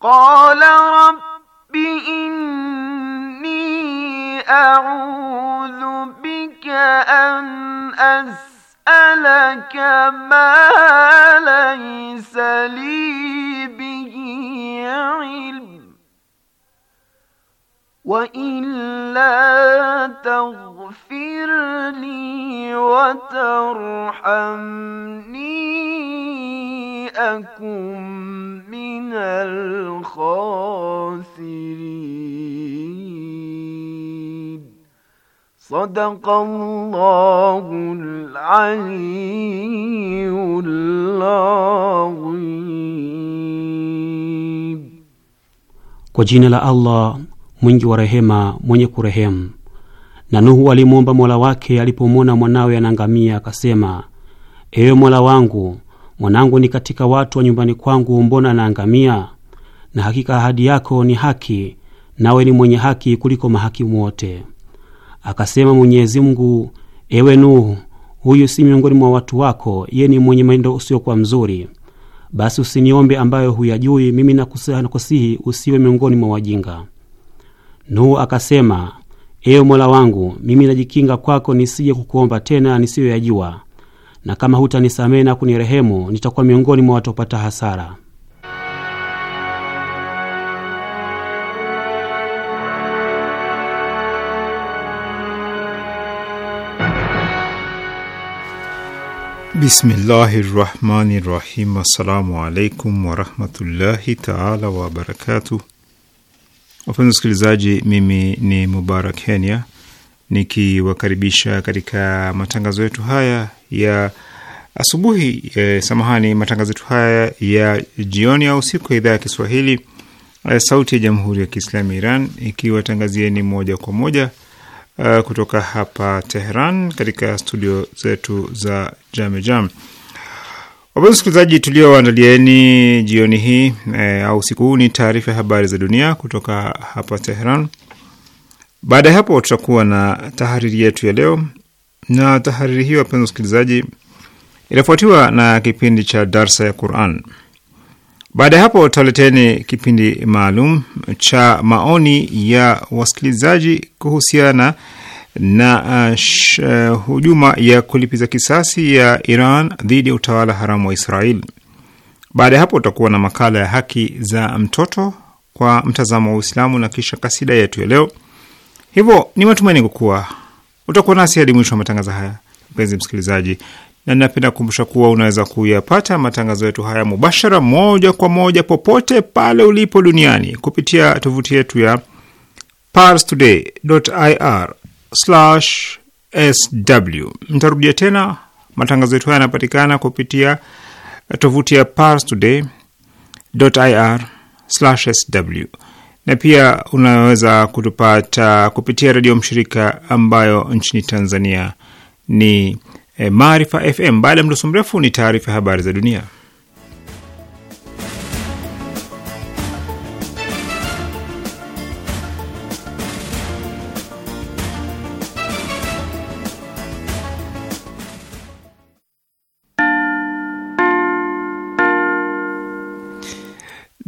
قال رب إني أعوذ بك أن أسألك ما ليس لي به علم وإلا تغفر لي وترحمني أكن من الخاسرين صدق الله العلي العظيم وجينا jina mwingi wa rehema, mwenye kurehemu. Na Nuhu alimwomba mola wake alipomwona mwanawe anaangamia, akasema: ewe mola wangu, mwanangu ni katika watu wa nyumbani kwangu, mbona anaangamia? Na hakika ahadi yako ni haki, nawe ni mwenye haki kuliko mahakimu wote. Akasema Mwenyezi Mungu: ewe Nuhu, huyu si miongoni mwa watu wako, yeye ni mwenye mendo usiokuwa mzuri, basi usiniombe ambayo huyajui. Mimi nakusihi usiwe miongoni mwa wajinga. Nuhu akasema, ewe Mola wangu, mimi najikinga kwako nisije kukuomba tena nisiyoyajua, na kama hutanisamehe na kunirehemu nitakuwa miongoni mwa watopata hasara. Bismillahi rahmani rahim. Assalamu alaikum warahmatullahi taala wabarakatuh. Wapenzi wasikilizaji, mimi ni Mubarak Kenya nikiwakaribisha katika matangazo yetu haya ya asubuhi eh, samahani, matangazo yetu haya ya jioni au usiku ya idhaa ya Kiswahili eh, sauti ya jamhuri ya Kiislamu ya Iran ikiwatangazieni moja kwa moja eh, kutoka hapa Teheran katika studio zetu za Jamejam Jam. Wapenzi wasikilizaji, tulioandalieni jioni hii e, au usiku huu ni taarifa ya habari za dunia kutoka hapa Teheran. Baada ya hapo, tutakuwa na tahariri yetu ya leo, na tahariri hiyo, wapenzi wasikilizaji, itafuatiwa na kipindi cha darsa ya Quran. Baada ya hapo, tutaleteni kipindi maalum cha maoni ya wasikilizaji kuhusiana na na uh, uh, hujuma ya kulipiza kisasi ya Iran dhidi ya utawala haramu wa Israel. Baada ya hapo utakuwa na makala ya haki za mtoto kwa mtazamo wa Uislamu na kisha kasida yetu ya leo. Hivyo ni matumaini kuwa utakuwa nasi hadi mwisho wa matangazo haya, mpenzi msikilizaji, na ninapenda kukumbusha kuwa unaweza kuyapata matangazo yetu haya mubashara, moja kwa moja, popote pale ulipo duniani kupitia tovuti yetu ya parstoday.ir sw. Mtarudia tena, matangazo yetu haya yanapatikana kupitia eh, tovuti ya parstoday.ir sw, na pia unaweza kutupata kupitia redio mshirika ambayo nchini Tanzania ni eh, Maarifa FM. Baada ya mdoso mrefu ni taarifa ya habari za dunia.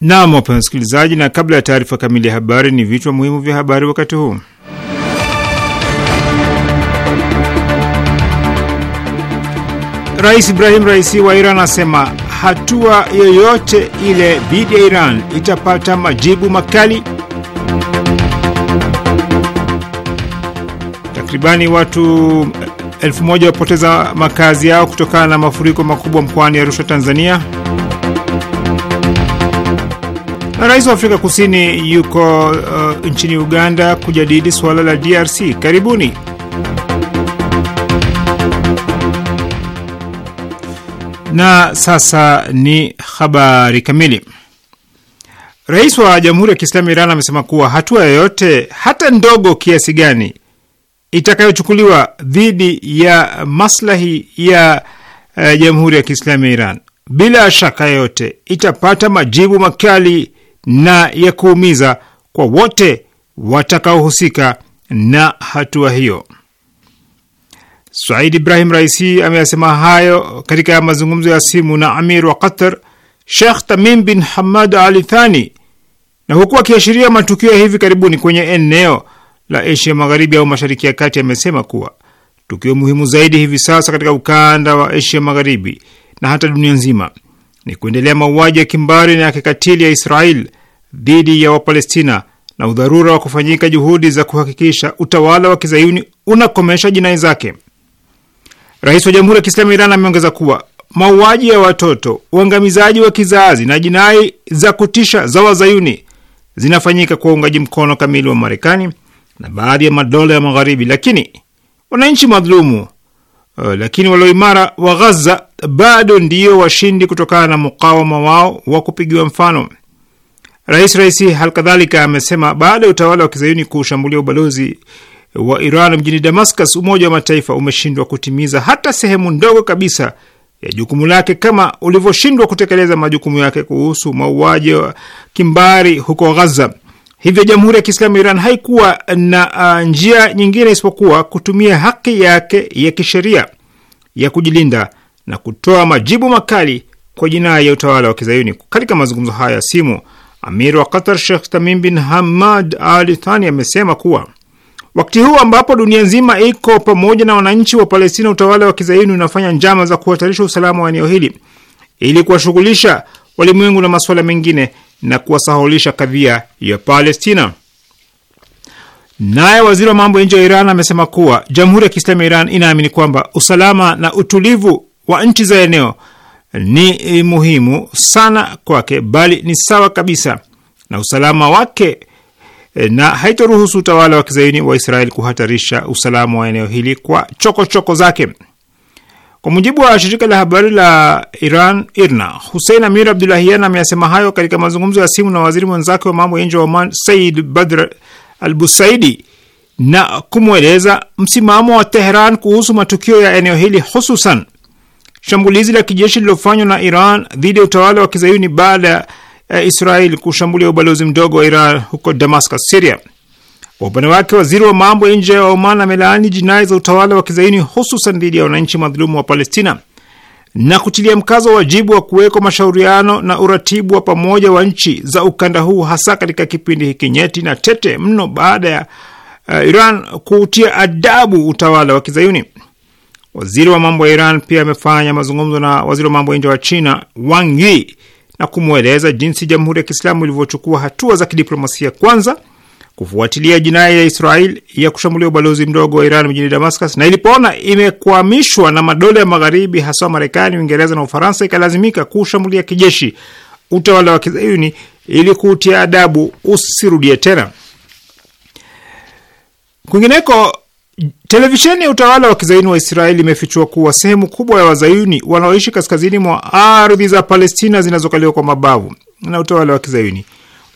Naam, wapenzi msikilizaji na kabla ya taarifa kamili ya habari ni vichwa muhimu vya habari wakati huu. Rais Ibrahim Raisi wa Iran anasema hatua yoyote ile dhidi ya Iran itapata majibu makali. Takribani watu elfu moja wapoteza makazi yao kutokana na mafuriko makubwa mkoani Arusha, Tanzania. Rais wa Afrika Kusini yuko uh, nchini Uganda kujadili suala la DRC. Karibuni. Na sasa ni habari kamili. Rais wa Jamhuri ya Kiislamu Iran amesema kuwa hatua yoyote hata ndogo kiasi gani itakayochukuliwa dhidi ya maslahi ya uh, Jamhuri ya Kiislamu ya Iran bila shaka yoyote itapata majibu makali na ya kuumiza kwa wote watakaohusika na hatua hiyo. Said Ibrahim Raisi ameyasema hayo katika mazungumzo ya simu na Amir wa Qatar shekh Tamim bin Hamad ali Thani, na huku akiashiria matukio ya hivi karibuni kwenye eneo la Asia Magharibi au Mashariki ya Kati, amesema kuwa tukio muhimu zaidi hivi sasa katika ukanda wa Asia Magharibi na hata dunia nzima ni kuendelea mauaji ya kimbari na ya kikatili ya Israel dhidi ya Wapalestina na udharura wa kufanyika juhudi za kuhakikisha utawala wa kizayuni unakomesha jinai zake. Rais wa Jamhuri ya Kiislamu Iran ameongeza kuwa mauaji ya watoto, uangamizaji wa kizazi na jinai za kutisha za wazayuni zinafanyika kwa uungaji mkono kamili wa Marekani na baadhi ya madola ya Magharibi, lakini wananchi madhulumu Uh, lakini walioimara wa Ghaza bado ndio washindi kutokana na mukawama wao wa kupigiwa mfano. Rais Raisi halikadhalika amesema baada ya utawala wa kizayuni kushambulia ubalozi wa Iran mjini Damascus, Umoja wa Mataifa umeshindwa kutimiza hata sehemu ndogo kabisa ya jukumu lake kama ulivyoshindwa kutekeleza majukumu yake kuhusu mauaji wa kimbari huko Ghaza. Hivyo Jamhuri ya Kiislamu ya Iran haikuwa na uh, njia nyingine isipokuwa kutumia haki yake ya kisheria ya kujilinda na kutoa majibu makali kwa jinai ya utawala wa Kizayuni. Katika mazungumzo haya ya simu, Amir wa Qatar Sheikh Tamim bin Hamad Al Thani amesema kuwa wakati huu ambapo dunia nzima iko pamoja na wananchi wa Palestina, utawala wa Kizayuni unafanya njama za kuhatarisha usalama wa eneo hili ili kuwashughulisha walimwengu na masuala mengine na kuwasahulisha kadhia ya Palestina. Naye waziri wa mambo ya nje wa Iran amesema kuwa Jamhuri ya Kiislamu ya Iran inaamini kwamba usalama na utulivu wa nchi za eneo ni e, muhimu sana kwake, bali ni sawa kabisa na usalama wake e, na haitoruhusu utawala wa kizaini wa Israeli kuhatarisha usalama wa eneo hili kwa chokochoko choko zake. Kwa mujibu wa shirika la habari la Iran IRNA, Hussein Amir Abdulahian ameyasema hayo katika mazungumzo ya simu na waziri mwenzake wa mambo ya nje wa Oman Said Badr Al Busaidi na kumweleza msimamo wa Teheran kuhusu matukio ya eneo hili, hususan shambulizi la kijeshi lililofanywa na Iran dhidi ya utawala wa kizayuni baada ya Israel kushambulia ubalozi mdogo wa Iran huko Damascus, Syria. Kwa upande wake waziri wa mambo ya nje ya Oman amelaani jinai za utawala wa kizaini hususan dhidi ya wananchi madhulumu wa Palestina na kutilia mkazo wajibu wa kuwekwa mashauriano na uratibu wa pamoja wa nchi za ukanda huu hasa katika kipindi hiki nyeti na tete mno baada ya uh, Iran kuutia adabu utawala wa kizayuni. Waziri wa mambo ya Iran pia amefanya mazungumzo na waziri wa mambo ya nje wa China Wang Yi na kumweleza jinsi Jamhuri ya Kiislamu ilivyochukua hatua za kidiplomasia kwanza kufuatilia jinai ya Israel ya kushambulia ubalozi mdogo wa Iran mjini Damascus, na ilipoona imekwamishwa na madola ya Magharibi, haswa Marekani, Uingereza na Ufaransa, ikalazimika kushambulia kijeshi utawala wa kizayuni ili kuutia adabu usirudie tena. Kwingineko, televisheni ya utawala wa kizayuni wa Israeli imefichua kuwa sehemu kubwa ya wazayuni wanaoishi kaskazini mwa ardhi za Palestina zinazokaliwa kwa mabavu na utawala wa kizayuni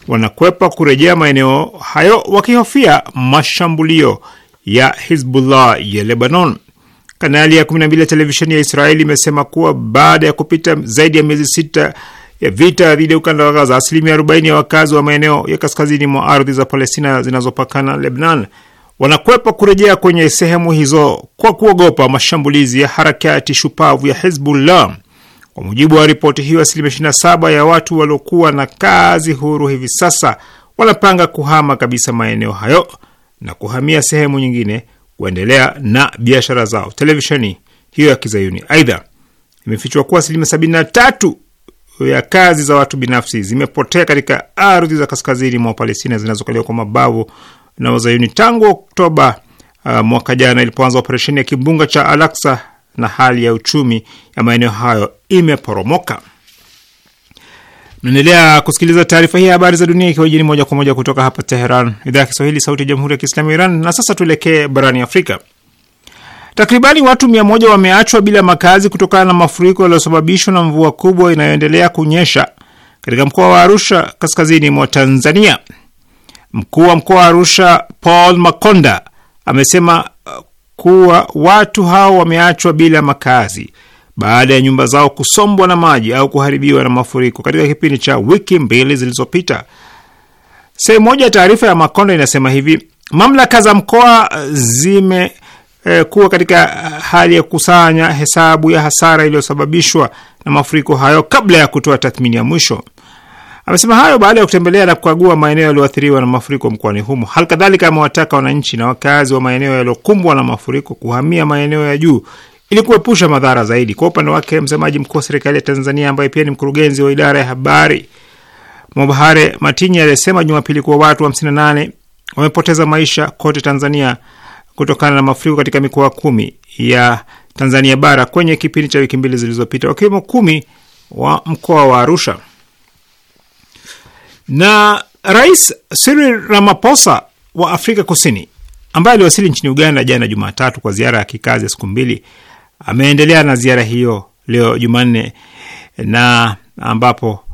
wanakwepa kurejea maeneo hayo wakihofia mashambulio ya Hizbullah ya Lebanon. Kanali ya 12 ya televisheni ya Israeli imesema kuwa baada ya kupita zaidi ya miezi sita ya vita dhidi ya ukanda wa Gaza, asilimia 40 ya wakazi wa maeneo ya kaskazini mwa ardhi za Palestina zinazopakana Lebanon wanakwepa kurejea kwenye sehemu hizo kwa kuogopa mashambulizi ya harakati shupavu ya Hizbullah. Kwa mujibu wa ripoti hiyo, asilimia 27 ya watu waliokuwa na kazi huru hivi sasa wanapanga kuhama kabisa maeneo hayo na kuhamia sehemu nyingine kuendelea na biashara zao. Televisheni hiyo ya kizayuni aidha imefichwa kuwa asilimia 73 ya kazi za watu binafsi zimepotea katika ardhi za kaskazini mwa Palestina zinazokaliwa kwa mabavu na wazayuni tangu Oktoba uh, mwaka jana ilipoanza operesheni ya kimbunga cha Al-Aqsa na hali ya uchumi ya maeneo hayo imeporomoka. Naendelea kusikiliza taarifa hii ya habari za dunia ikiwa jini moja kwa moja kutoka hapa Teheran, idhaa ya Kiswahili, sauti ya jamhuri ya kiislamu ya Iran. Na sasa tuelekee barani Afrika. Takribani watu mia moja wameachwa bila makazi kutokana na mafuriko yaliyosababishwa na mvua kubwa inayoendelea kunyesha katika mkoa wa Arusha, kaskazini mwa Tanzania. Mkuu wa mkoa wa Arusha Paul Makonda amesema uh, kuwa watu hao wameachwa bila makazi baada ya nyumba zao kusombwa na maji au kuharibiwa na mafuriko katika kipindi cha wiki mbili zilizopita. Sehemu moja ya taarifa ya Makonda inasema hivi: mamlaka za mkoa eh, zime E, kuwa katika eh, hali ya kusanya hesabu ya hasara iliyosababishwa na mafuriko hayo kabla ya kutoa tathmini ya mwisho. Amesema hayo baada ya kutembelea na kukagua maeneo yaliyoathiriwa na mafuriko mkoani humo. Hali kadhalika amewataka wananchi na wakazi wa maeneo yaliyokumbwa na mafuriko kuhamia maeneo ya juu ili kuepusha madhara zaidi. Kwa upande wake, msemaji mkuu wa serikali ya Tanzania ambaye pia ni mkurugenzi wa idara ya habari Mobhare Matinyi alisema Jumapili kuwa watu 58 wamepoteza maisha kote Tanzania kutokana na mafuriko katika mikoa kumi ya Tanzania bara kwenye kipindi cha wiki mbili zilizopita, wakiwemo kumi wa mkoa wa Arusha. Na Rais Cyril Ramaphosa wa Afrika Kusini ambaye aliwasili nchini Uganda jana Jumatatu kwa ziara ya kikazi ya siku mbili ameendelea na ziara hiyo leo Jumanne na ambapo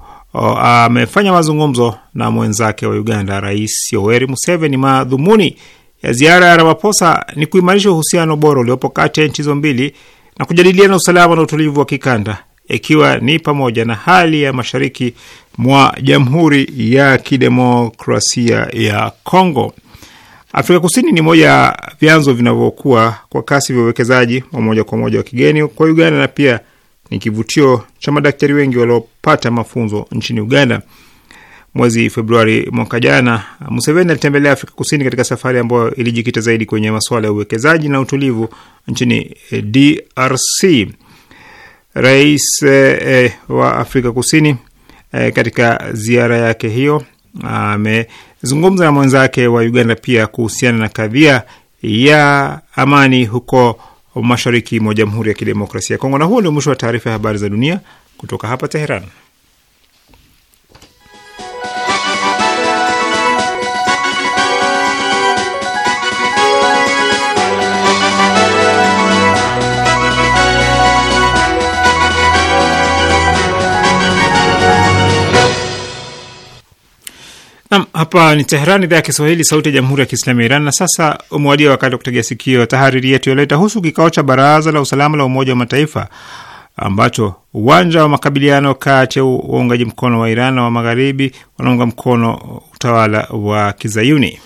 amefanya mazungumzo na mwenzake wa Uganda, Rais Yoweri Museveni. Madhumuni ya ziara ya Ramaphosa ni kuimarisha uhusiano bora uliopo kati ya nchi hizo mbili na kujadiliana usalama na utulivu wa kikanda, ikiwa ni pamoja na hali ya mashariki mwa Jamhuri ya Kidemokrasia ya Kongo. Afrika Kusini ni moja ya vyanzo vinavyokuwa kwa kasi vya uwekezaji wa moja kwa moja wa kigeni kwa Uganda na pia ni kivutio cha madaktari wengi waliopata mafunzo nchini Uganda. Mwezi Februari mwaka jana, Museveni alitembelea Afrika Kusini katika safari ambayo ilijikita zaidi kwenye masuala ya uwekezaji na utulivu nchini eh, DRC. Rais eh, eh, wa Afrika Kusini eh, katika ziara yake hiyo ame ah, amezungumza na mwenzake wa Uganda pia kuhusiana na kadhia ya amani huko mashariki mwa Jamhuri ya Kidemokrasia ya Kongo. Na huo ndio mwisho wa taarifa ya habari za dunia kutoka hapa Teheran. Nam, hapa ni Teheran, idhaa ya Kiswahili, sauti ya jamhuri ya kiislamu ya Iran. Na sasa umewadia wakati wa kutegea sikio tahariri yetu yaleta husu kikao cha baraza la usalama la Umoja wa Mataifa ambacho uwanja wa makabiliano kati ya waungaji mkono wa Iran na wa magharibi wanaunga mkono utawala wa kizayuni.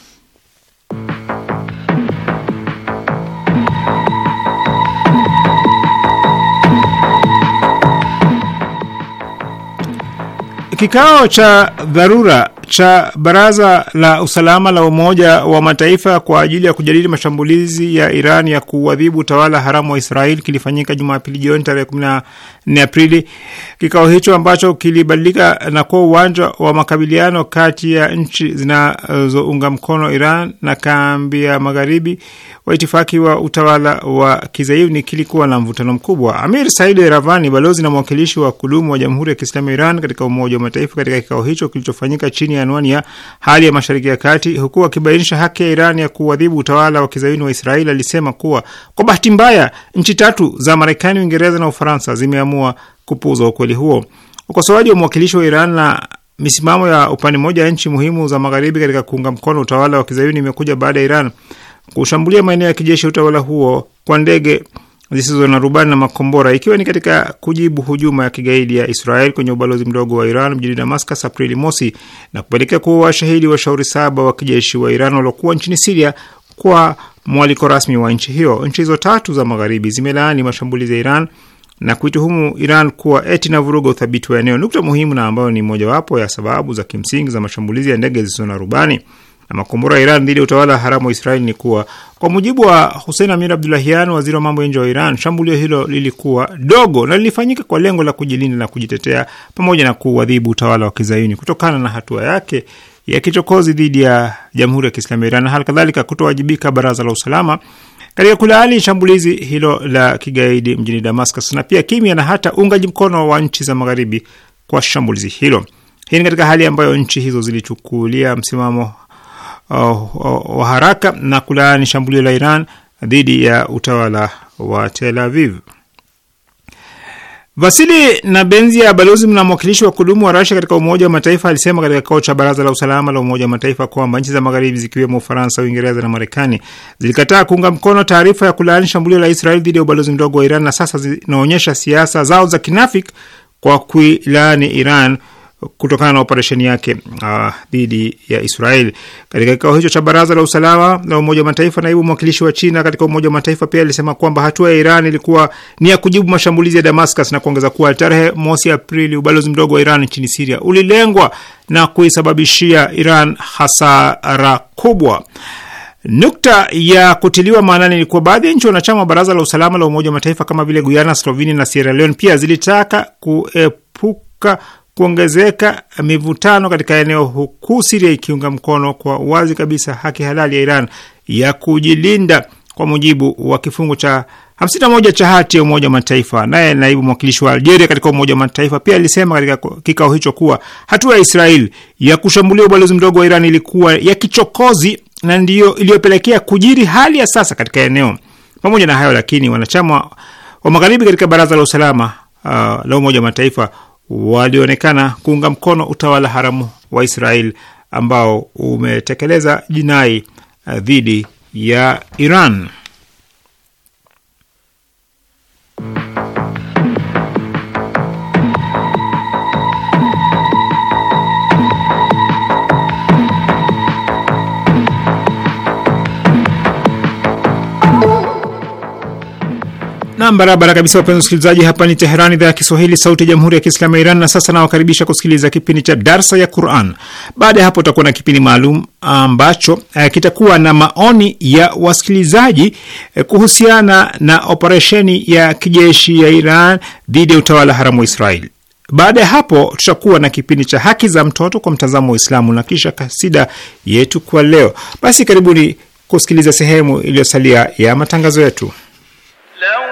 Kikao cha dharura cha Baraza la Usalama la Umoja wa Mataifa kwa ajili ya kujadili mashambulizi ya Iran ya kuadhibu utawala haramu wa Israel kilifanyika Jumapili jioni tarehe 14 Aprili. Kikao hicho ambacho kilibadilika na kuwa uwanja wa makabiliano kati ya nchi zinazounga mkono Iran na kambi ya magharibi wa itifaki wa utawala wa kizayuni kilikuwa na mvutano mkubwa. Amir Said Ravani, balozi na mwakilishi wa kudumu wa Jamhuri ya Kiislamu ya Iran katika Umoja wa Mataifa, katika kikao hicho kilichofanyika chini ya anwani ya hali ya Mashariki ya Kati, huku akibainisha haki ya Iran ya kuadhibu utawala wa kizayuni wa Israeli, alisema kuwa kwa bahati mbaya nchi tatu za Marekani, Uingereza na Ufaransa zimeamua kupuuza ukweli huo. Ukosoaji wa mwakilishi wa Iran na misimamo ya upande mmoja ya nchi muhimu za Magharibi katika kuunga mkono utawala wa kizayuni imekuja baada ya Iran kushambulia maeneo ya kijeshi utawala huo kwa ndege zisizo na rubani na makombora ikiwa ni katika kujibu hujuma ya kigaidi ya Israel kwenye ubalozi mdogo wa Iran mjini Damascus Aprili mosi na kupelekea kuwa washahidi washauri saba wa kijeshi wa Iran waliokuwa nchini Siria kwa mwaliko rasmi wa nchi hiyo. Nchi hizo tatu za magharibi zimelaani mashambulizi ya Iran na kuituhumu Iran kuwa eti na vuruga uthabiti wa eneo. Nukta muhimu na ambayo ni mojawapo ya sababu za kimsingi za mashambulizi ya ndege zisizo na rubani na makombora ya Iran dhidi ya utawala haramu wa Israeli ni kuwa kwa mujibu wa Hussein Amir Abdulahian, waziri wa mambo ya nje wa Iran, shambulio hilo lilikuwa dogo na lilifanyika kwa lengo la kujilinda na kujitetea pamoja na kuadhibu utawala wa kizayuni kutokana na hatua yake ya kichokozi dhidi ya jamhuri ya kiislamu ya Iran na hali kadhalika kutowajibika baraza la usalama katika kulaani shambulizi hilo la kigaidi mjini Damascus na pia kimya na hata uungaji mkono wa nchi za magharibi kwa shambulizi hilo. Hii ni katika hali ambayo nchi hizo zilichukulia msimamo Uh, wa haraka na kulaani shambulio la Iran dhidi ya utawala wa Tel Aviv. Vasili na benzi ya balozi na mwakilishi wa kudumu wa Rasia katika Umoja wa Mataifa alisema katika kikao cha Baraza la Usalama la Umoja wa Mataifa kwamba nchi za Magharibi zikiwemo Ufaransa, Uingereza na Marekani zilikataa kuunga mkono taarifa ya kulaani shambulio la Israeli dhidi ya ubalozi mdogo wa Iran na sasa zinaonyesha siasa zao za kinafiki kwa kuilaani Iran kutokana na operesheni yake ah, dhidi uh, ya Israel. Katika kikao hicho cha baraza la usalama la Umoja wa Mataifa, naibu mwakilishi wa China katika Umoja wa Mataifa pia alisema kwamba hatua ya Iran ilikuwa ni ya kujibu mashambulizi ya Damascus na kuongeza kuwa tarehe mosi Aprili ubalozi mdogo wa Iran nchini Siria ulilengwa na kuisababishia Iran hasara kubwa. Nukta ya kutiliwa maanani ni kuwa baadhi ya nchi wanachama wa baraza la usalama la Umoja wa Mataifa kama vile Guyana, Slovenia na Sierra Leone pia zilitaka kuepuka kuongezeka mivutano katika eneo, huku Siria ikiunga mkono kwa wazi kabisa haki halali ya Iran ya kujilinda kwa mujibu wa kifungu cha 51 cha hati ya Umoja wa Mataifa. Naye naibu mwakilishi wa Algeria katika Umoja wa Mataifa pia alisema katika kikao hicho kuwa hatua ya Israel ya kushambulia ubalozi mdogo wa Iran ilikuwa ya kichokozi na ndiyo iliyopelekea kujiri hali ya sasa katika eneo. Pamoja na hayo lakini, wanachama wa magharibi katika Baraza la Usalama uh, la Umoja wa Mataifa walionekana kuunga mkono utawala haramu wa Israel ambao umetekeleza jinai eh, dhidi ya Iran. Nam, barabara kabisa, wapenzi wasikilizaji, hapa ni Teherani, idhaa ya Kiswahili, sauti ya jamhuri ya kiislamu ya Iran. Na sasa nawakaribisha kusikiliza kipindi cha darsa ya Quran. Baada ya hapo, utakuwa na kipindi maalum ambacho uh, kitakuwa na maoni ya wasikilizaji uh, kuhusiana na operesheni ya kijeshi ya Iran dhidi ya utawala haramu wa Israeli. Baada ya hapo, tutakuwa na kipindi cha haki za mtoto kwa mtazamo wa Uislamu na kisha kasida yetu kwa leo. Basi karibuni kusikiliza sehemu iliyosalia ya matangazo yetu leo.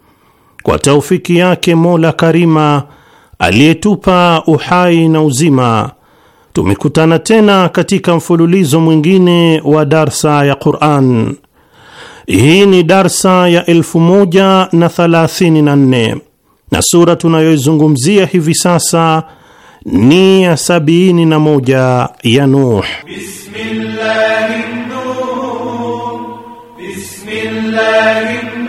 kwa taufiki yake Mola Karima aliyetupa uhai na uzima, tumekutana tena katika mfululizo mwingine wa darsa ya Quran. Hii ni darsa ya elfu moja na thalathini na nne na sura tunayoizungumzia hivi sasa ni ya sabini na moja ya Nuh. Bismillahirrahmanirrahim. Bismillahirrahmanirrahim.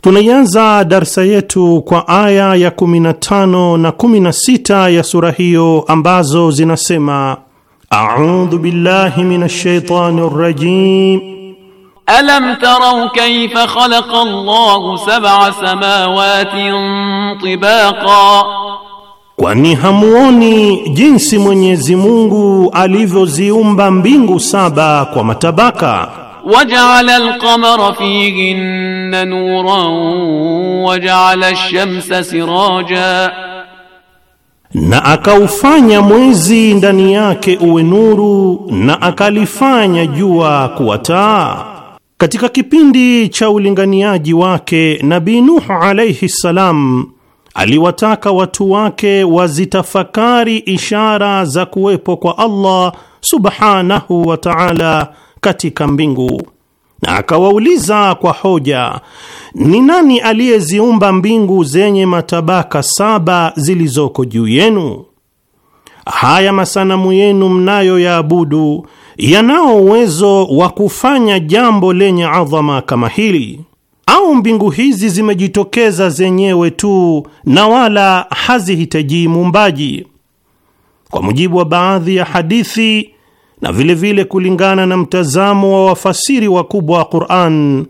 Tunaianza darsa yetu kwa aya ya 15 na 16 ya sura hiyo ambazo zinasema: audhu billahi minash shaitani rrajim Alam tarau kayfa khalaqa Allahu sab'a samawatin tibaqa, kwani hamuoni jinsi Mwenyezi Mungu alivyoziumba mbingu saba kwa matabaka. Waja'ala al-qamara fihinna nuran waja'ala ash-shamsa siraja, na akaufanya mwezi ndani yake uwe nuru na akalifanya jua kuwa taa katika kipindi cha ulinganiaji wake Nabii Nuhu alaihi ssalam aliwataka watu wake wazitafakari ishara za kuwepo kwa Allah subhanahu wa taala katika mbingu, na akawauliza kwa hoja, ni nani aliyeziumba mbingu zenye matabaka saba zilizoko juu yenu? Haya masanamu yenu mnayoyaabudu yanao uwezo wa kufanya jambo lenye adhama kama hili? Au mbingu hizi zimejitokeza zenyewe tu na wala hazihitaji muumbaji? Kwa mujibu wa baadhi ya hadithi na vilevile vile kulingana na mtazamo wa wafasiri wakubwa wa Qur'an,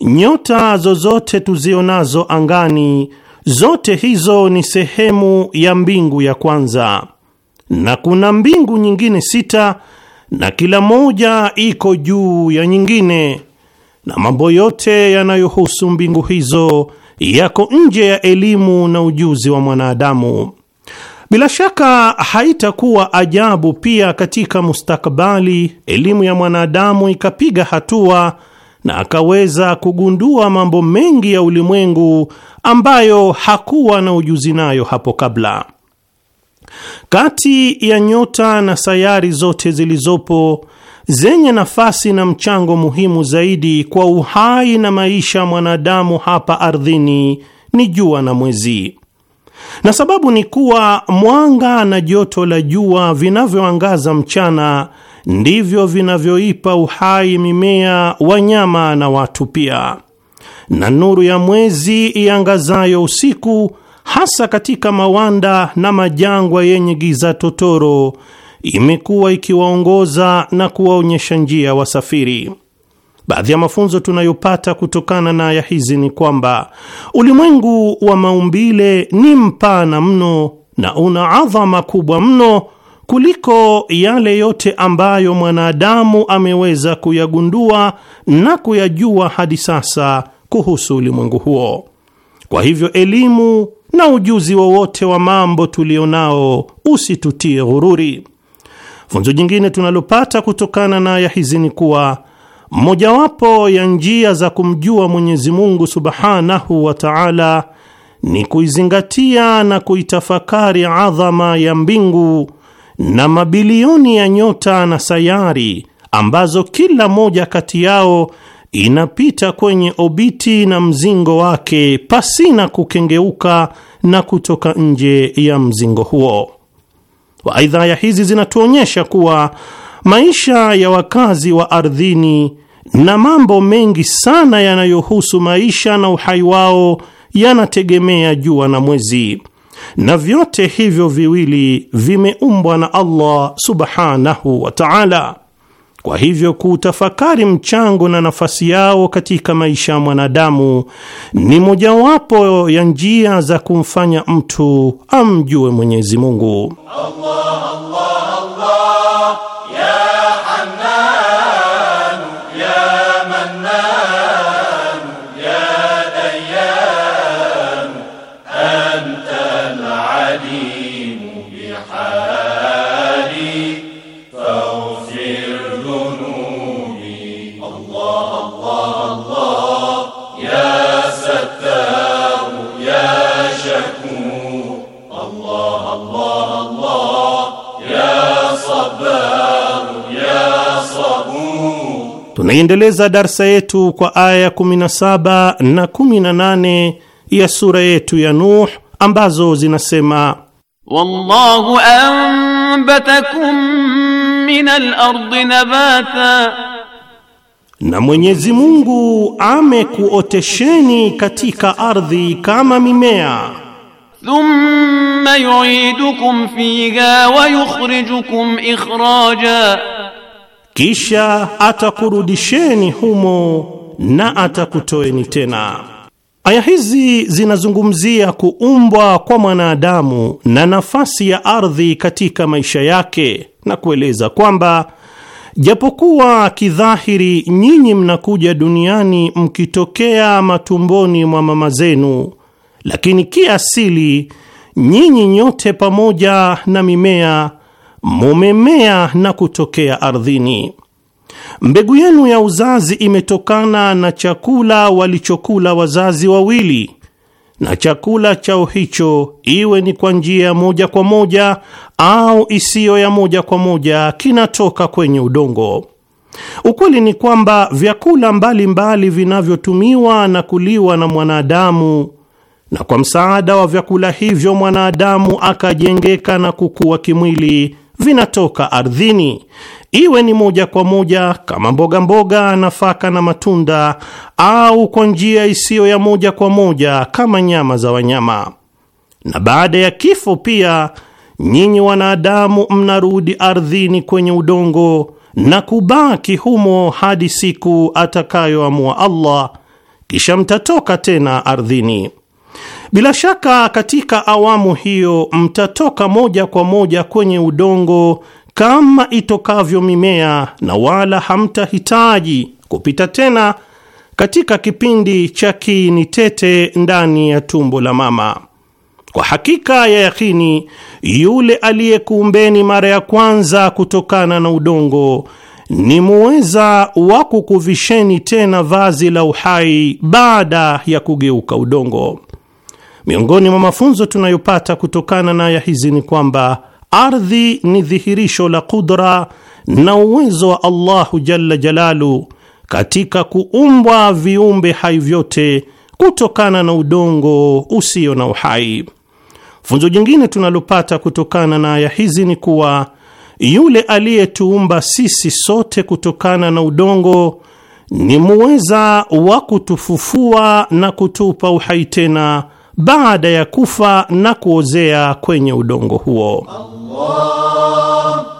nyota zozote tuzionazo angani zote hizo ni sehemu ya mbingu ya kwanza, na kuna mbingu nyingine sita na kila moja iko juu ya nyingine, na mambo yote yanayohusu mbingu hizo yako nje ya elimu na ujuzi wa mwanadamu. Bila shaka haitakuwa ajabu pia katika mustakabali elimu ya mwanadamu ikapiga hatua na akaweza kugundua mambo mengi ya ulimwengu ambayo hakuwa na ujuzi nayo hapo kabla. Kati ya nyota na sayari zote zilizopo zenye nafasi na mchango muhimu zaidi kwa uhai na maisha mwanadamu hapa ardhini ni jua na mwezi, na sababu ni kuwa mwanga na joto la jua vinavyoangaza mchana ndivyo vinavyoipa uhai mimea, wanyama na watu pia, na nuru ya mwezi iangazayo usiku hasa katika mawanda na majangwa yenye giza totoro, imekuwa ikiwaongoza na kuwaonyesha njia wasafiri. Baadhi ya mafunzo tunayopata kutokana na aya hizi ni kwamba ulimwengu wa maumbile ni mpana mno na una adhama kubwa mno kuliko yale yote ambayo mwanadamu ameweza kuyagundua na kuyajua hadi sasa kuhusu ulimwengu huo. Kwa hivyo elimu na ujuzi wowote wa, wa mambo tulio nao usitutie ghururi. Funzo jingine tunalopata kutokana na aya hizi ni kuwa mojawapo ya njia za kumjua Mwenyezi Mungu subhanahu wa taala ni kuizingatia na kuitafakari adhama ya mbingu na mabilioni ya nyota na sayari ambazo kila moja kati yao inapita kwenye obiti na mzingo wake pasina kukengeuka na kutoka nje ya mzingo huo. Aidha, ya hizi zinatuonyesha kuwa maisha ya wakazi wa ardhini na mambo mengi sana yanayohusu maisha na uhai wao yanategemea jua na mwezi, na vyote hivyo viwili vimeumbwa na Allah subhanahu wa ta'ala. Kwa hivyo kuutafakari mchango na nafasi yao katika maisha ya mwanadamu ni mojawapo ya njia za kumfanya mtu amjue Mwenyezi Mungu. Allah, Allah. Tunaiendeleza darsa yetu kwa aya 17 na 18 ya sura yetu ya Nuh ambazo zinasema: wallahu anbatakum min al-ardi nabata, na Mwenyezi Mungu amekuotesheni katika ardhi kama mimea. Thumma yuidukum fiha wa yukhrijukum ikhraja kisha atakurudisheni humo na atakutoeni tena. Aya hizi zinazungumzia kuumbwa kwa mwanadamu na nafasi ya ardhi katika maisha yake na kueleza kwamba japokuwa kidhahiri nyinyi mnakuja duniani mkitokea matumboni mwa mama zenu, lakini kiasili nyinyi nyote pamoja na mimea mumemea na kutokea ardhini. Mbegu yenu ya uzazi imetokana na chakula walichokula wazazi wawili, na chakula chao hicho, iwe ni kwa njia ya moja kwa moja au isiyo ya moja kwa moja, kinatoka kwenye udongo. Ukweli ni kwamba vyakula mbalimbali vinavyotumiwa na kuliwa na mwanadamu na kwa msaada wa vyakula hivyo mwanadamu akajengeka na kukua kimwili vinatoka ardhini, iwe ni moja kwa moja kama mboga mboga, nafaka na matunda, au kwa njia isiyo ya moja kwa moja kama nyama za wanyama. Na baada ya kifo pia, nyinyi wanadamu mnarudi ardhini kwenye udongo na kubaki humo hadi siku atakayoamua Allah, kisha mtatoka tena ardhini. Bila shaka katika awamu hiyo mtatoka moja kwa moja kwenye udongo kama itokavyo mimea na wala hamtahitaji kupita tena katika kipindi cha kiini tete ndani ya tumbo la mama. Kwa hakika ya yakini, yule aliyekuumbeni mara ya kwanza kutokana na udongo ni muweza wa kukuvisheni tena vazi la uhai baada ya kugeuka udongo. Miongoni mwa mafunzo tunayopata kutokana na aya hizi ni kwamba ardhi ni dhihirisho la kudra na uwezo wa Allahu jalla jalalu katika kuumbwa viumbe hai vyote kutokana na udongo usio na uhai. Funzo jingine tunalopata kutokana na aya hizi ni kuwa yule aliyetuumba sisi sote kutokana na udongo ni muweza wa kutufufua na kutupa uhai tena baada ya kufa na kuozea kwenye udongo huo Allah.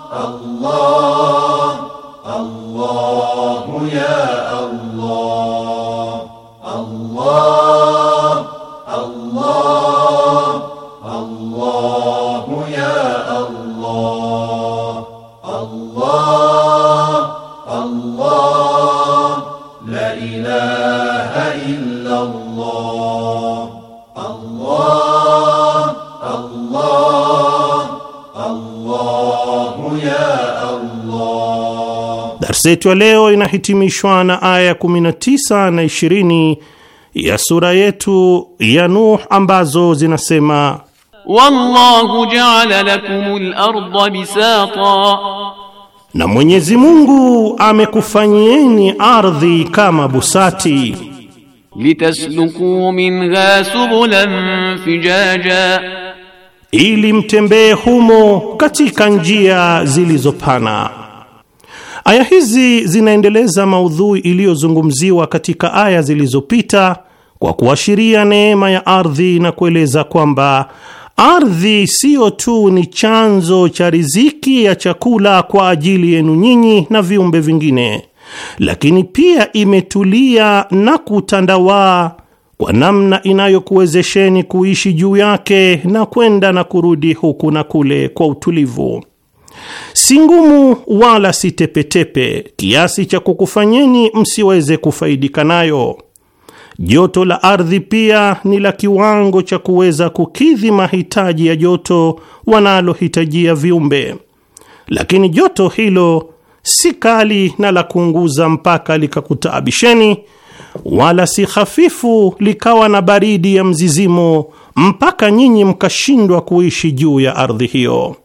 yetu ya leo inahitimishwa na aya 19 na 20 ya sura yetu ya Nuh ambazo zinasema: wallahu jaala lakumul arda bisata, na Mwenyezi Mungu amekufanyieni ardhi kama busati. litasluku minha subulan fijaja, ili mtembee humo katika njia zilizopana. Aya hizi zinaendeleza maudhui iliyozungumziwa katika aya zilizopita kwa kuashiria neema ya ardhi na kueleza kwamba ardhi siyo tu ni chanzo cha riziki ya chakula kwa ajili yenu nyinyi na viumbe vingine, lakini pia imetulia na kutandawaa kwa namna inayokuwezesheni kuishi juu yake na kwenda na kurudi huku na kule kwa utulivu si ngumu wala si tepetepe kiasi cha kukufanyeni msiweze kufaidika nayo. Joto la ardhi pia ni la kiwango cha kuweza kukidhi mahitaji ya joto wanalohitajia viumbe, lakini joto hilo si kali na la kuunguza mpaka likakutaabisheni, wala si hafifu likawa na baridi ya mzizimo mpaka nyinyi mkashindwa kuishi juu ya ardhi hiyo.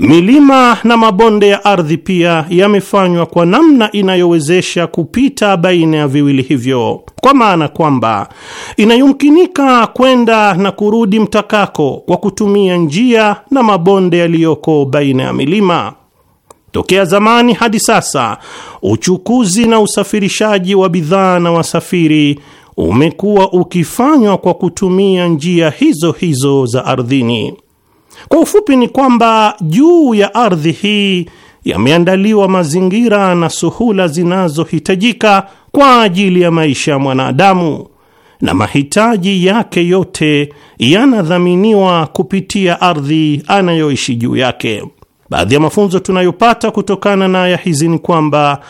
Milima na mabonde ya ardhi pia yamefanywa kwa namna inayowezesha kupita baina ya viwili hivyo, kwa maana kwamba inayumkinika kwenda na kurudi mtakako kwa kutumia njia na mabonde yaliyoko baina ya milima. Tokea zamani hadi sasa, uchukuzi na usafirishaji wa bidhaa na wasafiri umekuwa ukifanywa kwa kutumia njia hizo hizo za ardhini. Kwa ufupi ni kwamba juu ya ardhi hii yameandaliwa mazingira na suhula zinazohitajika kwa ajili ya maisha ya mwanadamu na mahitaji yake yote yanadhaminiwa kupitia ardhi anayoishi juu yake. Baadhi ya mafunzo tunayopata kutokana na aya hizi ni kwamba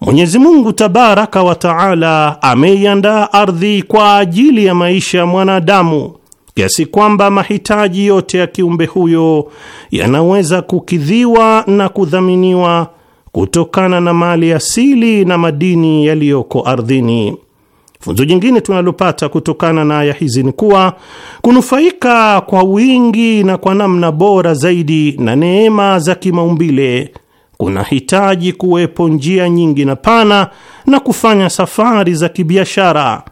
Mwenyezi Mungu tabaraka wa taala ameiandaa ardhi kwa ajili ya maisha ya mwanadamu kiasi kwamba mahitaji yote ya kiumbe huyo yanaweza kukidhiwa na kudhaminiwa kutokana na mali asili na madini yaliyoko ardhini. Funzo jingine tunalopata kutokana na aya hizi ni kuwa kunufaika kwa wingi na kwa namna bora zaidi na neema za kimaumbile kunahitaji kuwepo njia nyingi na pana na kufanya safari za kibiashara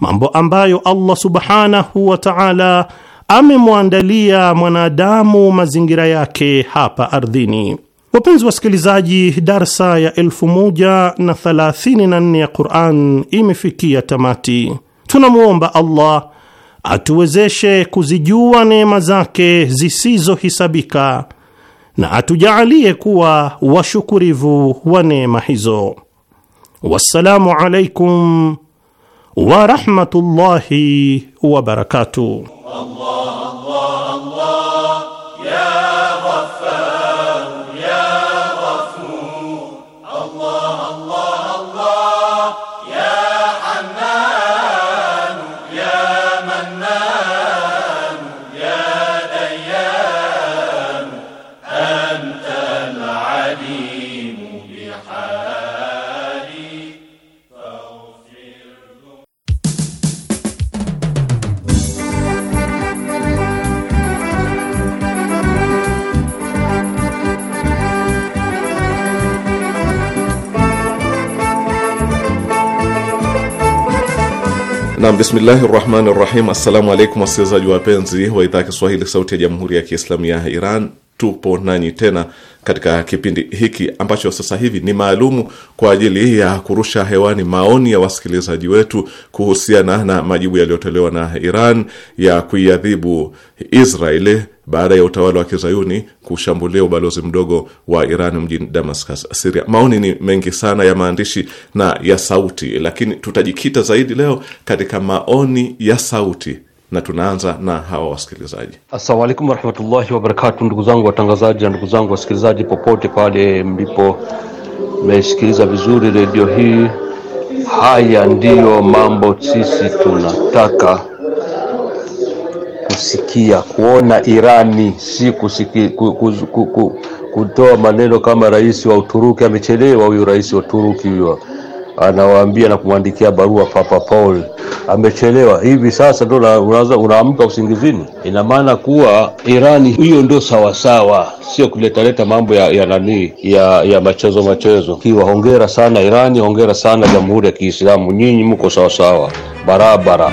mambo ambayo Allah subhanahu wa ta'ala amemwandalia mwanadamu mazingira yake hapa ardhini. Wapenzi wasikilizaji, darsa ya 1034 ya Qur'an imefikia tamati. Tunamwomba Allah atuwezeshe kuzijua neema zake zisizohisabika na atujaalie kuwa washukurivu wa neema hizo. Wassalamu alaikum ورحمة الله وبركاته الله Na bismillahi rahmani rahim. Assalamu alaikum wasikilizaji wapenzi wa idhaa ya Kiswahili sauti ya jamhuri ya Kiislamu ya Iran, tupo nanyi tena katika kipindi hiki ambacho sasa hivi ni maalumu kwa ajili ya kurusha hewani maoni ya wasikilizaji wetu kuhusiana na majibu yaliyotolewa na Iran ya kuiadhibu Israeli baada ya utawala wa kizayuni kushambulia ubalozi mdogo wa Iran mjini Damascus, Siria. Maoni ni mengi sana ya maandishi na ya sauti, lakini tutajikita zaidi leo katika maoni ya sauti na tunaanza na hawa wasikilizaji. Assalamu alaikum warahmatullahi wabarakatu, ndugu zangu watangazaji na ndugu zangu wasikilizaji popote pale mlipo, mmesikiliza vizuri redio hii. Haya ndiyo mambo sisi tunataka kusikia, kuona Irani, si kusikia, ku, ku, ku, ku, kutoa maneno kama rais wa Uturuki amechelewa. Huyu rais wa Uturuki huyo anawaambia na kumwandikia barua Papa Paul amechelewa. Hivi sasa ndo unaanza unaamka usingizini. Ina maana kuwa Irani hiyo ndio sawasawa, sio kuletaleta mambo ya ya nani ya ya machezo machezo. Kiwa hongera sana Irani, hongera sana Jamhuri ya Kiislamu, nyinyi mko sawasawa barabara.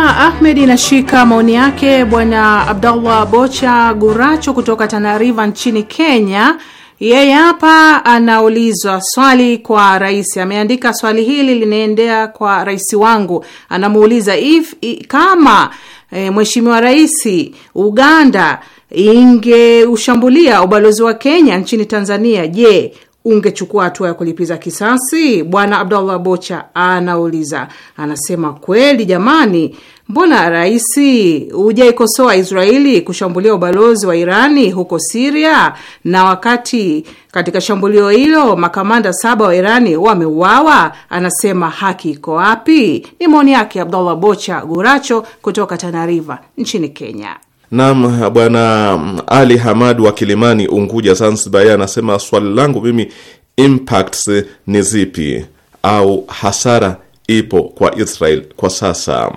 Ahmed inashika maoni yake bwana Abdallah Bocha Guracho kutoka Tanariva nchini Kenya. Yeye hapa anaulizwa swali kwa rais, ameandika swali hili linaendea kwa rais wangu, anamuuliza if, if, kama e, mheshimiwa rais, Uganda ingeushambulia ubalozi wa Kenya nchini Tanzania, je, ungechukua hatua ya kulipiza kisasi? Bwana Abdallah Bocha anauliza, anasema kweli jamani, mbona raisi hujaikosoa Israeli kushambulia ubalozi wa Irani huko Siria, na wakati katika shambulio hilo makamanda saba wa Irani wameuawa? Anasema haki iko wapi? Ni maoni yake abdullah Bocha Guracho kutoka Tanariva nchini Kenya. Naam, bwana mm, Ali Hamad wa Kilimani, Unguja, Zanzibar, yeye anasema swali langu mimi, impacts ni zipi au hasara ipo kwa Israel kwa sasa?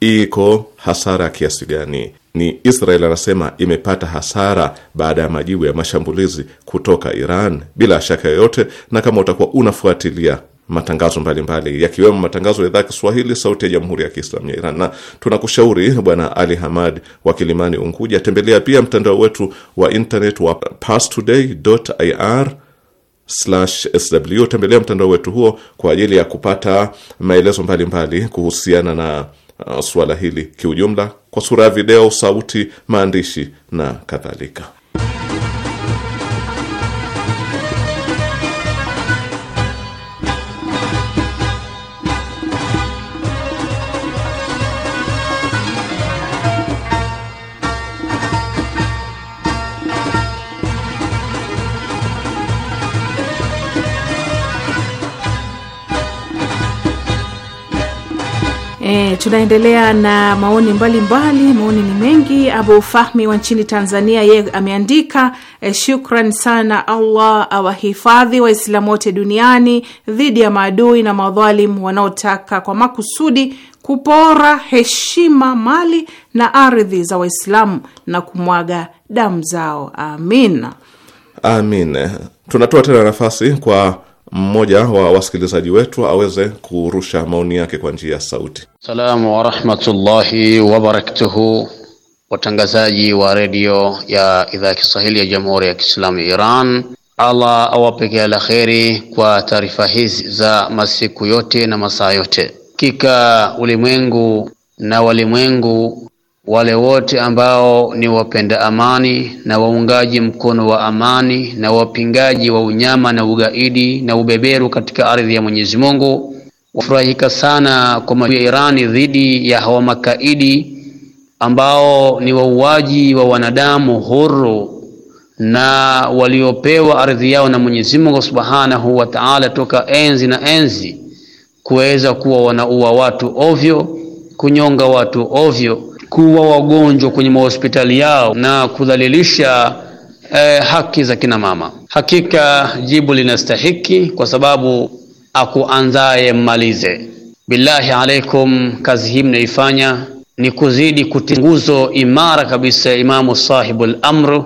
Iko hasara kiasi gani? Ni Israel anasema imepata hasara baada ya majibu ya mashambulizi kutoka Iran bila shaka yoyote, na kama utakuwa unafuatilia matangazo mbalimbali yakiwemo matangazo ya idhaa Kiswahili sauti ya jamhuri ya Kiislamu ya Iran. Na tunakushauri bwana Ali Hamad wa Kilimani, Unguja, tembelea pia mtandao wetu wa internet wa pastoday.ir sw. Tembelea mtandao wetu huo kwa ajili ya kupata maelezo mbalimbali mbali kuhusiana na uh, suala hili kiujumla, kwa sura ya video, sauti, maandishi na kadhalika. E, tunaendelea na maoni mbalimbali mbali. Maoni ni mengi. Abu Fahmi wa nchini Tanzania yeye ameandika e, shukran sana. Allah awahifadhi Waislamu wote duniani dhidi ya maadui na madhalim wanaotaka kwa makusudi kupora heshima, mali na ardhi za Waislamu na kumwaga damu zao. Amin, amin. Tunatoa tena nafasi kwa mmoja wa wasikilizaji wetu aweze kurusha maoni yake kwa njia ya sauti. Salamu wa rahmatullahi wa barakatuhu, watangazaji wa redio ya idhaa ya Kiswahili ya Jamhuri ya Kiislamu Iran. Allah awapekea la kheri kwa taarifa hizi za masiku yote na masaa yote. Hakika ulimwengu na walimwengu wale wote ambao ni wapenda amani na waungaji mkono wa amani na wapingaji wa unyama na ugaidi na ubeberu katika ardhi ya Mwenyezi Mungu wafurahika sana kwa maadui ya Irani dhidi ya hawa makaidi ambao ni wauaji wa wanadamu huru na waliopewa ardhi yao na Mwenyezi Mungu Subhanahu wa Ta'ala toka enzi na enzi kuweza kuwa wanaua watu ovyo, kunyonga watu ovyo kuwa wagonjwa kwenye mahospitali yao na kudhalilisha eh, haki za kina mama. Hakika jibu linastahiki kwa sababu akuanzaye mmalize. Billahi alaikum, kazi hii mnaifanya ni kuzidi kutinguzo imara kabisa Imamu sahibu al-amr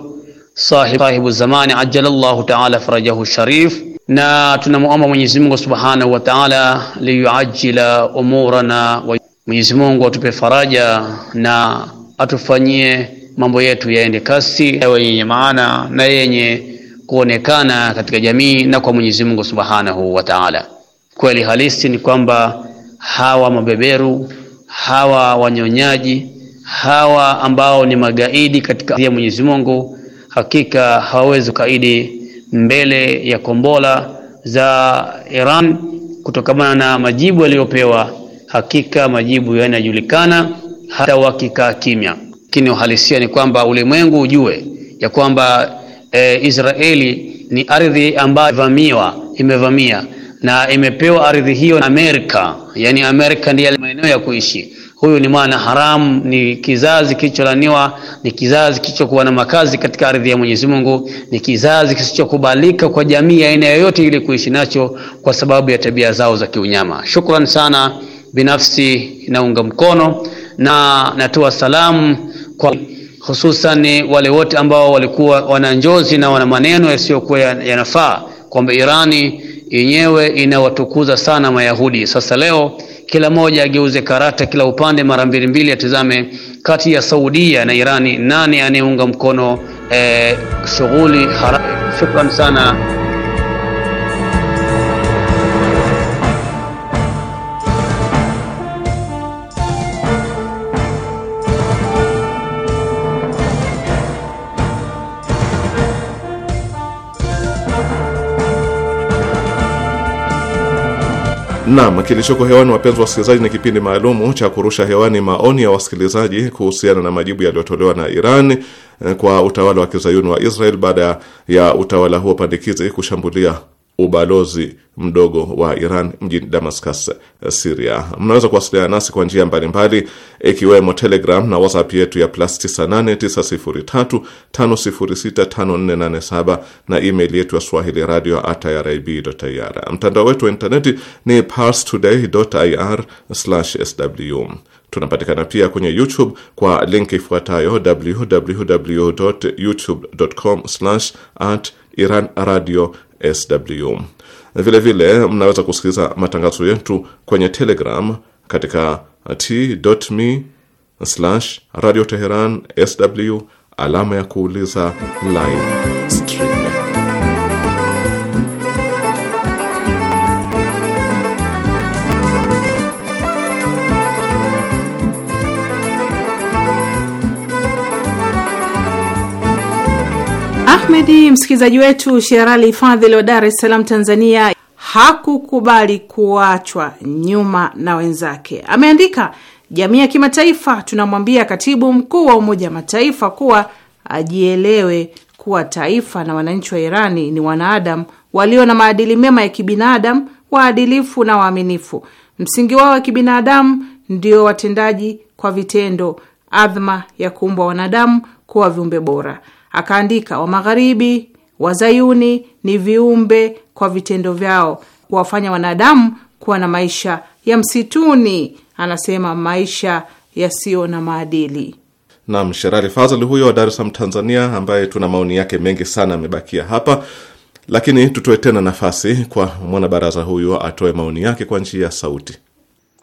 sahibu, sahibu zamani ajalallahu taala farajahu sharif, na tunamuomba Mwenyezi Mungu subhanahu wa taala liyuajila umurana wa Mwenyezi Mungu atupe faraja na atufanyie mambo yetu yaende kasi, yawe yenye maana na yenye kuonekana katika jamii na kwa Mwenyezi Mungu Subhanahu wa Ta'ala. Kweli halisi ni kwamba hawa mabeberu, hawa wanyonyaji, hawa ambao ni magaidi katika ya Mwenyezi Mungu, hakika hawawezi kaidi mbele ya kombola za Iran, kutokamana na majibu yaliyopewa hakika majibu yanajulikana hata wakikaa kimya. Lakini uhalisia ni kwamba ulimwengu ujue ya kwamba e, Israeli ni ardhi ambayo imevamiwa imevamia na imepewa ardhi hiyo na Amerika, yani Amerika ndiye maeneo ya kuishi. Huyu ni mwana haramu, ni kizazi kilicholaniwa, ni kizazi kilichokuwa na makazi katika ardhi ya Mwenyezi Mungu, ni kizazi kisichokubalika kwa jamii ya aina yoyote ile kuishi nacho, kwa sababu ya tabia zao za kiunyama. Shukrani sana binafsi naunga mkono na natoa salamu kwa hususan wale wote ambao walikuwa wana njozi na wana maneno yasiyokuwa yanafaa kwamba Irani yenyewe inawatukuza sana Mayahudi. Sasa leo kila mmoja ageuze karata kila upande mara mbili mbili, atizame kati ya Saudia na Irani nani anayeunga mkono eh, shughuli. Shukran sana. Naam, kilichoko hewani wapenzi wa wasikilizaji, ni kipindi maalumu cha kurusha hewani maoni ya wasikilizaji kuhusiana na majibu yaliyotolewa na Iran eh, kwa utawala wa kizayuni wa Israel baada ya utawala huo pandikizi kushambulia ubalozi mdogo wa Iran mjini Damascus, siria Mnaweza kuwasiliana nasi kwa njia mbalimbali, ikiwemo Telegram na WhatsApp yetu ya plus 989035065487 na email yetu ya swahili radio at irib.ir. Mtandao wetu wa intaneti ni parstoday.ir/sw. Tunapatikana pia kwenye YouTube kwa linki ifuatayo www.youtube.com/at Iran radio sw. Vile vile, mnaweza kusikiliza matangazo yetu kwenye Telegram katika t.me radio Teheran sw alama ya kuuliza line Ahmedi, msikilizaji wetu Sherali Fadhili wa Dar es Salaam, Tanzania, hakukubali kuachwa nyuma na wenzake. Ameandika, jamii ya kimataifa tunamwambia katibu mkuu wa Umoja wa Mataifa kuwa ajielewe kuwa taifa na wananchi wa Irani ni wanaadam walio na maadili mema ya kibinadamu, waadilifu na waaminifu. Msingi wao wa kibinadamu ndio watendaji kwa vitendo, adhma ya kuumbwa wanadamu kuwa viumbe bora. Akaandika, wa magharibi wazayuni ni viumbe kwa vitendo vyao kuwafanya wanadamu kuwa na maisha ya msituni, anasema maisha yasiyo na maadili. Naam, Sherali Fazl huyo wa Dar es Salaam, Tanzania, ambaye tuna maoni yake mengi sana amebakia hapa, lakini tutoe tena nafasi kwa mwanabaraza huyu atoe maoni yake kwa njia ya sauti.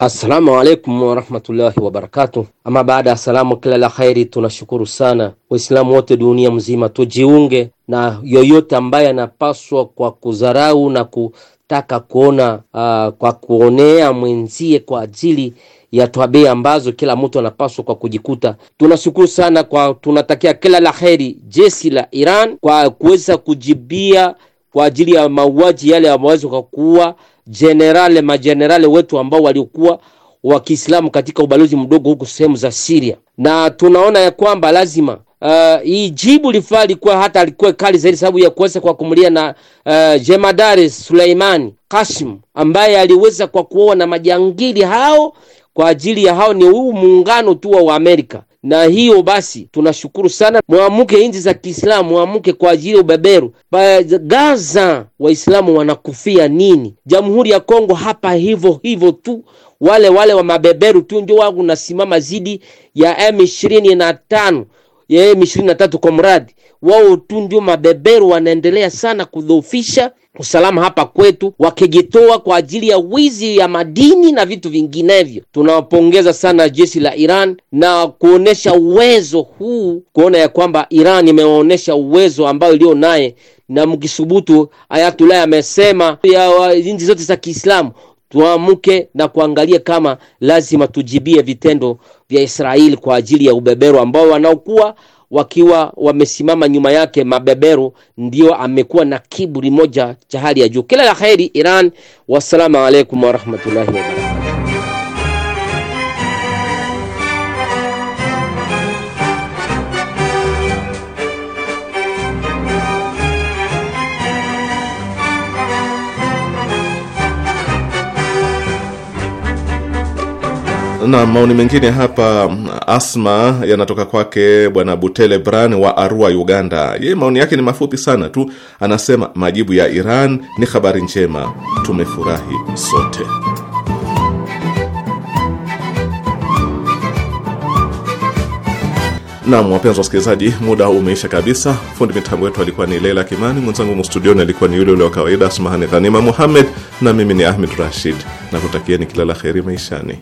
Assalamu alaikum warahmatullahi wabarakatuh. Ama baada ya salamu, kila la kheri. Tunashukuru sana Waislamu wote dunia mzima, tujiunge na yoyote ambaye anapaswa kwa kudharau na kutaka kuona uh, kwa kuonea mwenzie kwa ajili ya tabia ambazo kila mtu anapaswa kwa kujikuta. Tunashukuru sana kwa, tunatakia kila la kheri jeshi la Iran kwa kuweza kujibia kwa ajili ya mauaji yale ambazo kwa kuwa jenerali majenerali wetu ambao waliokuwa wa Kiislamu katika ubalozi mdogo huko sehemu za Syria, na tunaona ya kwamba lazima uh, hii jibu lifaa likuwa hata alikuwa kali zaidi, sababu ya kuweza kwa kumlia na uh, jemadari Suleimani Kasim ambaye aliweza kwa kuoa na majangili hao. Kwa ajili ya hao ni huu muungano tu wa Amerika na hiyo basi, tunashukuru sana. Mwamuke nchi za Kiislamu, mwamuke kwa ajili ya ubeberu. Ba Gaza Waislamu wanakufia nini? Jamhuri ya Kongo hapa hivyo hivyo tu, wale wale wa mabeberu tu ndio wangu nasimama zidi ya M ishirini na tano ya M23 kwa mradi wao tu ndio mabeberu wanaendelea sana kudhoofisha usalama hapa kwetu, wakijitoa kwa ajili ya wizi ya madini na vitu vinginevyo. Tunawapongeza sana jeshi la Iran na kuonesha uwezo huu, kuona ya kwamba Iran imewaonesha uwezo ambao iliyo naye, na mkisubutu, Ayatullah amesema ya nchi zote za Kiislamu tuamke na kuangalia kama lazima tujibie vitendo vya Israeli kwa ajili ya ubeberu ambao wanaokuwa wakiwa wamesimama nyuma yake. Mabeberu ndio amekuwa na kiburi moja cha hali ya juu. Kila la heri Iran. Wassalamu alaikum warahmatullahi wabarakatuh. na maoni mengine hapa Asma yanatoka kwake bwana Butele Bran wa Arua, Uganda. Yeye maoni yake ni mafupi sana tu, anasema majibu ya Iran ni habari njema, tumefurahi sote. Nam, wapenzi wasikilizaji, muda umeisha kabisa. Fundi mitambo wetu alikuwa ni Leila Kimani, mwenzangu mustudioni alikuwa ni yule ule wa kawaida Asmahani Ghanima Muhammed, na mimi ni Ahmed Rashid, na kutakieni kila la kheri maishani.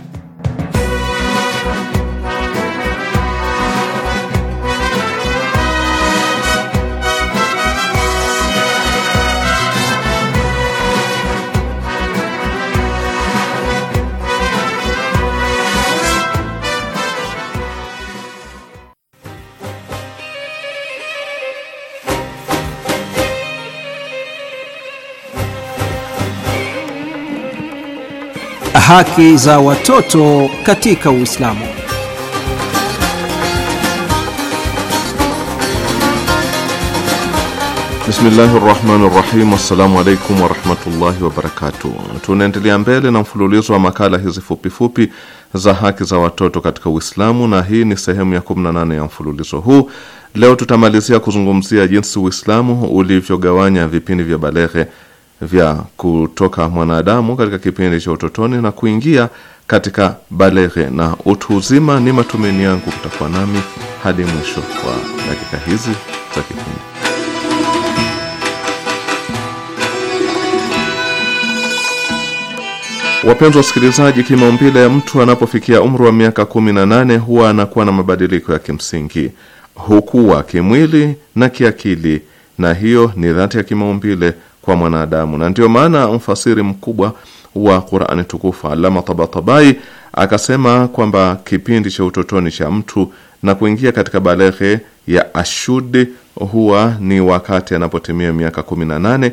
Haki za watoto katika Uislamu. Bismillahi rahmani rahim. Assalamu alaikum warahmatullahi wabarakatuh. Tunaendelea mbele na mfululizo wa makala hizi fupifupi za haki za watoto katika Uislamu, na hii ni sehemu ya 18 ya mfululizo huu. Leo tutamalizia kuzungumzia jinsi Uislamu ulivyogawanya vipindi vya baleghe vya kutoka mwanadamu katika kipindi cha utotoni na kuingia katika baleghe na utu uzima. Ni matumaini yangu kutakuwa nami hadi mwisho wa dakika hizi za kipindi. Wapenzi wasikilizaji, kimaumbile ya mtu anapofikia umri wa miaka kumi na nane huwa anakuwa na mabadiliko ya kimsingi, hukuwa kimwili na kiakili, na hiyo ni dhati ya kimaumbile kwa mwanadamu, na ndiyo maana mfasiri mkubwa wa Qur'ani tukufu Alama Tabatabai akasema kwamba kipindi cha utotoni cha mtu na kuingia katika baleghe ya ashud huwa ni wakati anapotimia miaka 18,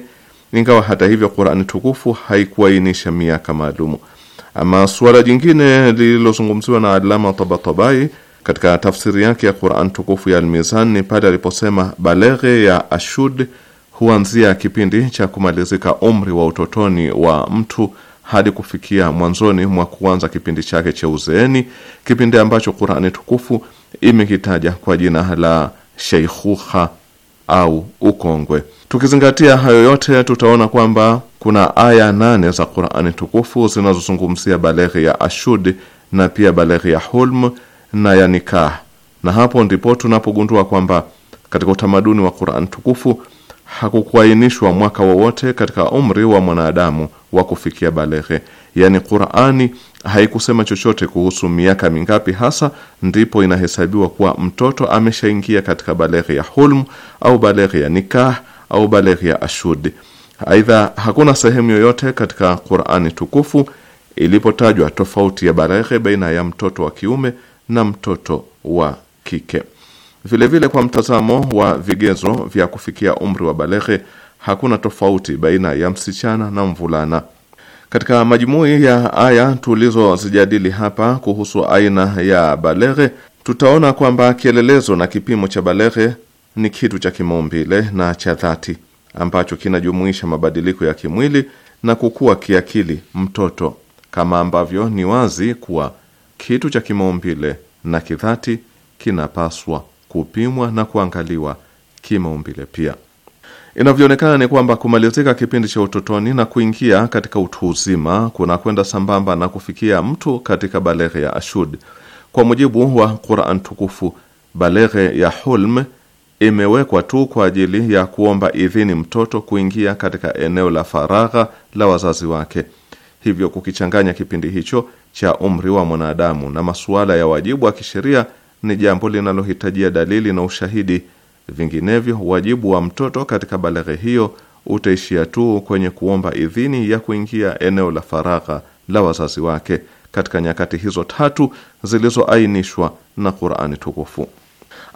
ingawa hata hivyo Qur'ani tukufu haikuainisha miaka maalumu. Ama suala jingine lililozungumziwa na alama Tabatabai katika tafsiri yake ya Qur'an tukufu ya Al-Mizan ni pale aliposema baleghe ya ashud huanzia kipindi cha kumalizika umri wa utotoni wa mtu hadi kufikia mwanzoni mwa kuanza kipindi chake cha uzeeni, kipindi ambacho Qur'ani tukufu imekitaja kwa jina la sheikhuha au ukongwe. Tukizingatia hayo yote, tutaona kwamba kuna aya nane za Qur'ani tukufu zinazozungumzia baleghi ya ashud na pia baleghi ya hulm na ya nikah, na hapo ndipo tunapogundua kwamba katika utamaduni wa Qur'ani tukufu hakukuainishwa mwaka wowote katika umri wa mwanadamu wa kufikia baleghe, yaani Qur'ani haikusema chochote kuhusu miaka mingapi hasa ndipo inahesabiwa kuwa mtoto ameshaingia katika baleghe ya hulm au baleghe ya nikah au baleghe ya ashudi. Aidha, hakuna sehemu yoyote katika Qur'ani tukufu ilipotajwa tofauti ya baleghe baina ya mtoto wa kiume na mtoto wa kike. Vilevile vile kwa mtazamo wa vigezo vya kufikia umri wa baleghe hakuna tofauti baina ya msichana na mvulana. Katika majumui ya aya tulizozijadili hapa kuhusu aina ya baleghe, tutaona kwamba kielelezo na kipimo cha baleghe ni kitu cha kimaumbile na cha dhati ambacho kinajumuisha mabadiliko ya kimwili na kukua kiakili mtoto, kama ambavyo ni wazi kuwa kitu cha kimaumbile na kidhati kinapaswa kupimwa na kuangaliwa kimaumbile pia. Inavyoonekana ni kwamba kumalizika kipindi cha utotoni na kuingia katika utu uzima kuna kwenda sambamba na kufikia mtu katika baleghe ya ashud. Kwa mujibu wa Quran tukufu, baleghe ya hulm imewekwa tu kwa ajili ya kuomba idhini mtoto kuingia katika eneo la faragha la wazazi wake. Hivyo kukichanganya kipindi hicho cha umri wa mwanadamu na masuala ya wajibu wa kisheria ni jambo linalohitajia dalili na ushahidi, vinginevyo wajibu wa mtoto katika balaghe hiyo utaishia tu kwenye kuomba idhini ya kuingia eneo la faragha la wazazi wake katika nyakati hizo tatu zilizoainishwa na Qur'ani tukufu.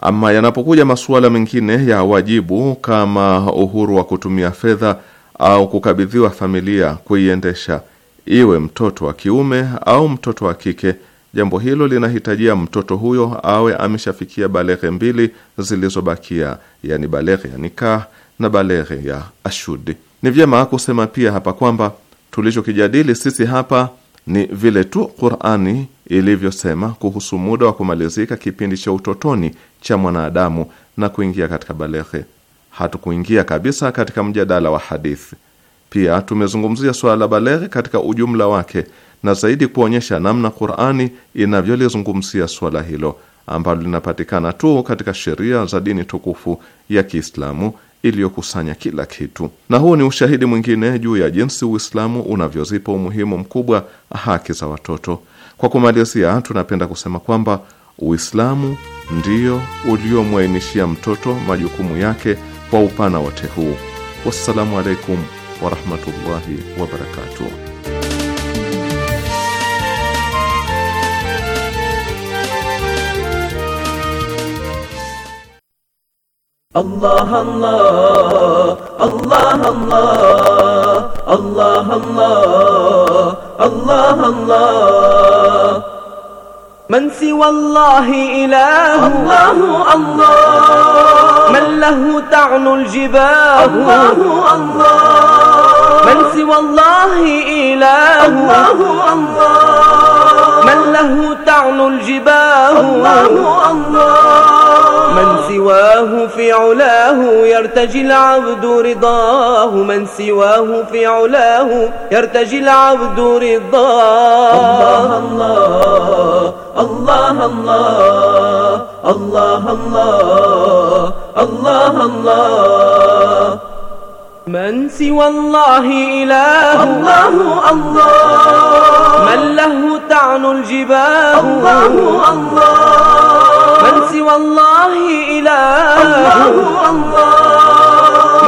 Ama yanapokuja masuala mengine ya wajibu kama uhuru wa kutumia fedha au kukabidhiwa familia kuiendesha, iwe mtoto wa kiume au mtoto wa kike Jambo hilo linahitajia mtoto huyo awe ameshafikia baleghe mbili zilizobakia, yani baleghe ya nikah na baleghe ya ashudi. Ni vyema kusema pia hapa kwamba tulichokijadili sisi hapa ni vile tu Qur'ani ilivyosema kuhusu muda wa kumalizika kipindi cha utotoni cha mwanadamu na kuingia katika baleghe. Hatukuingia kabisa katika mjadala wa hadithi. Pia tumezungumzia swala la baleghe katika ujumla wake na zaidi kuonyesha namna Qur'ani inavyolizungumzia swala hilo ambalo linapatikana tu katika sheria za dini tukufu ya Kiislamu iliyokusanya kila kitu. Na huu ni ushahidi mwingine juu ya jinsi Uislamu unavyozipa umuhimu mkubwa haki za watoto. Kwa kumalizia, tunapenda kusema kwamba Uislamu ndio uliomwainishia mtoto majukumu yake kwa upana wote huu. Wassalamu alaikum warahmatullahi wabarakatuh. الله الله الله الله الله الله الله الله من سوى الله إله الله الله من له تعن الجباه الله الله من سوى الله إله الله الله من له تعلو الجباه الله الله من سواه في علاه يرتجي العبد رضاه من سواه في علاه يرتجي العبد رضاه الله الله الله الله الله الله الله الله من سوى الله إله الله الله من له تعن الجباه الله الله من سوى الله إله الله الله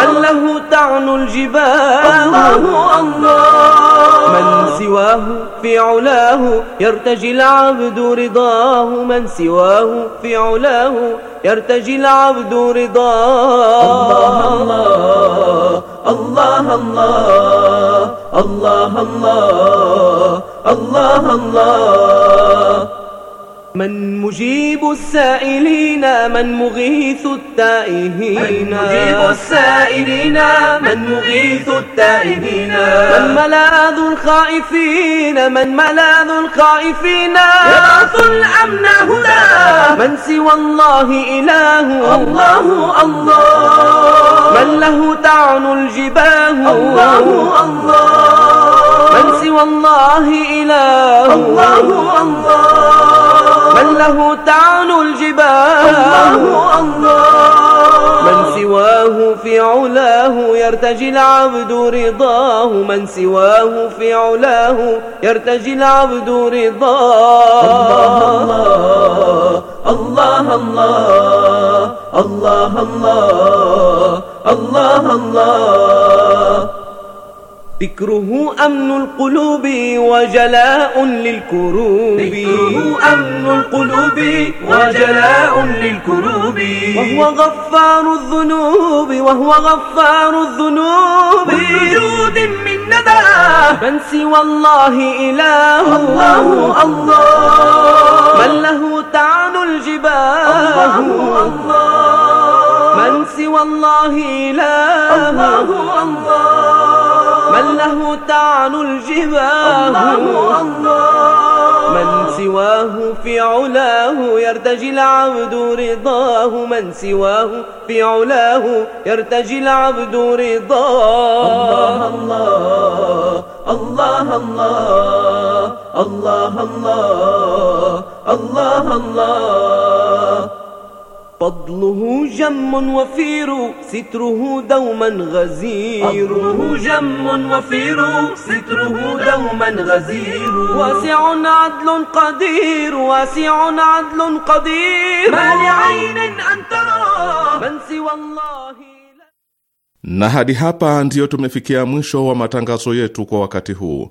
من له تعن الجباه الله الله من سواه في علاه يرتجي العبد رضاه من سواه في علاه يرتجي العبد رضاه الله الله الله الله الله الله الله الله من مجيب السائلين من مغيث التائهين من مجيب السائلين من مغيث التائهين من ملاذ الخائفين من ملاذ الخائفين يبعث الأمن هدى من سوى الله إله الله الله من له تعن الجباه الله الله من سوى الله إله الله الله من له تعال الجبال الله الله من سواه في علاه يرتجي العبد رضاه من سواه في علاه يرتجي العبد رضاه الله الله الله الله الله الله الله الله ذكره أمن القلوب وجلاء للكروب ذكره أمن القلوب وجلاء للكروب وهو غفار الذنوب وهو غفار الذنوب بوجود من ندى من سوى الله إله الله الله من له تعن الجبال الله الله من سوى الله إله الله الله من له تعن الجباه من سواه في علاه يرتجي العبد رضاه من سواه في علاه يرتجي العبد رضاه الله الله الله الله الله الله الله الله فضله جم وفير ستره دوما غزير فضله جم وفير ستره دوما غزير واسع عدل قدير واسع عدل قدير ما لعين أن ترى من سوى الله na hadi hapa ndiyo tumefikia mwisho wa matangazo yetu kwa wakati huu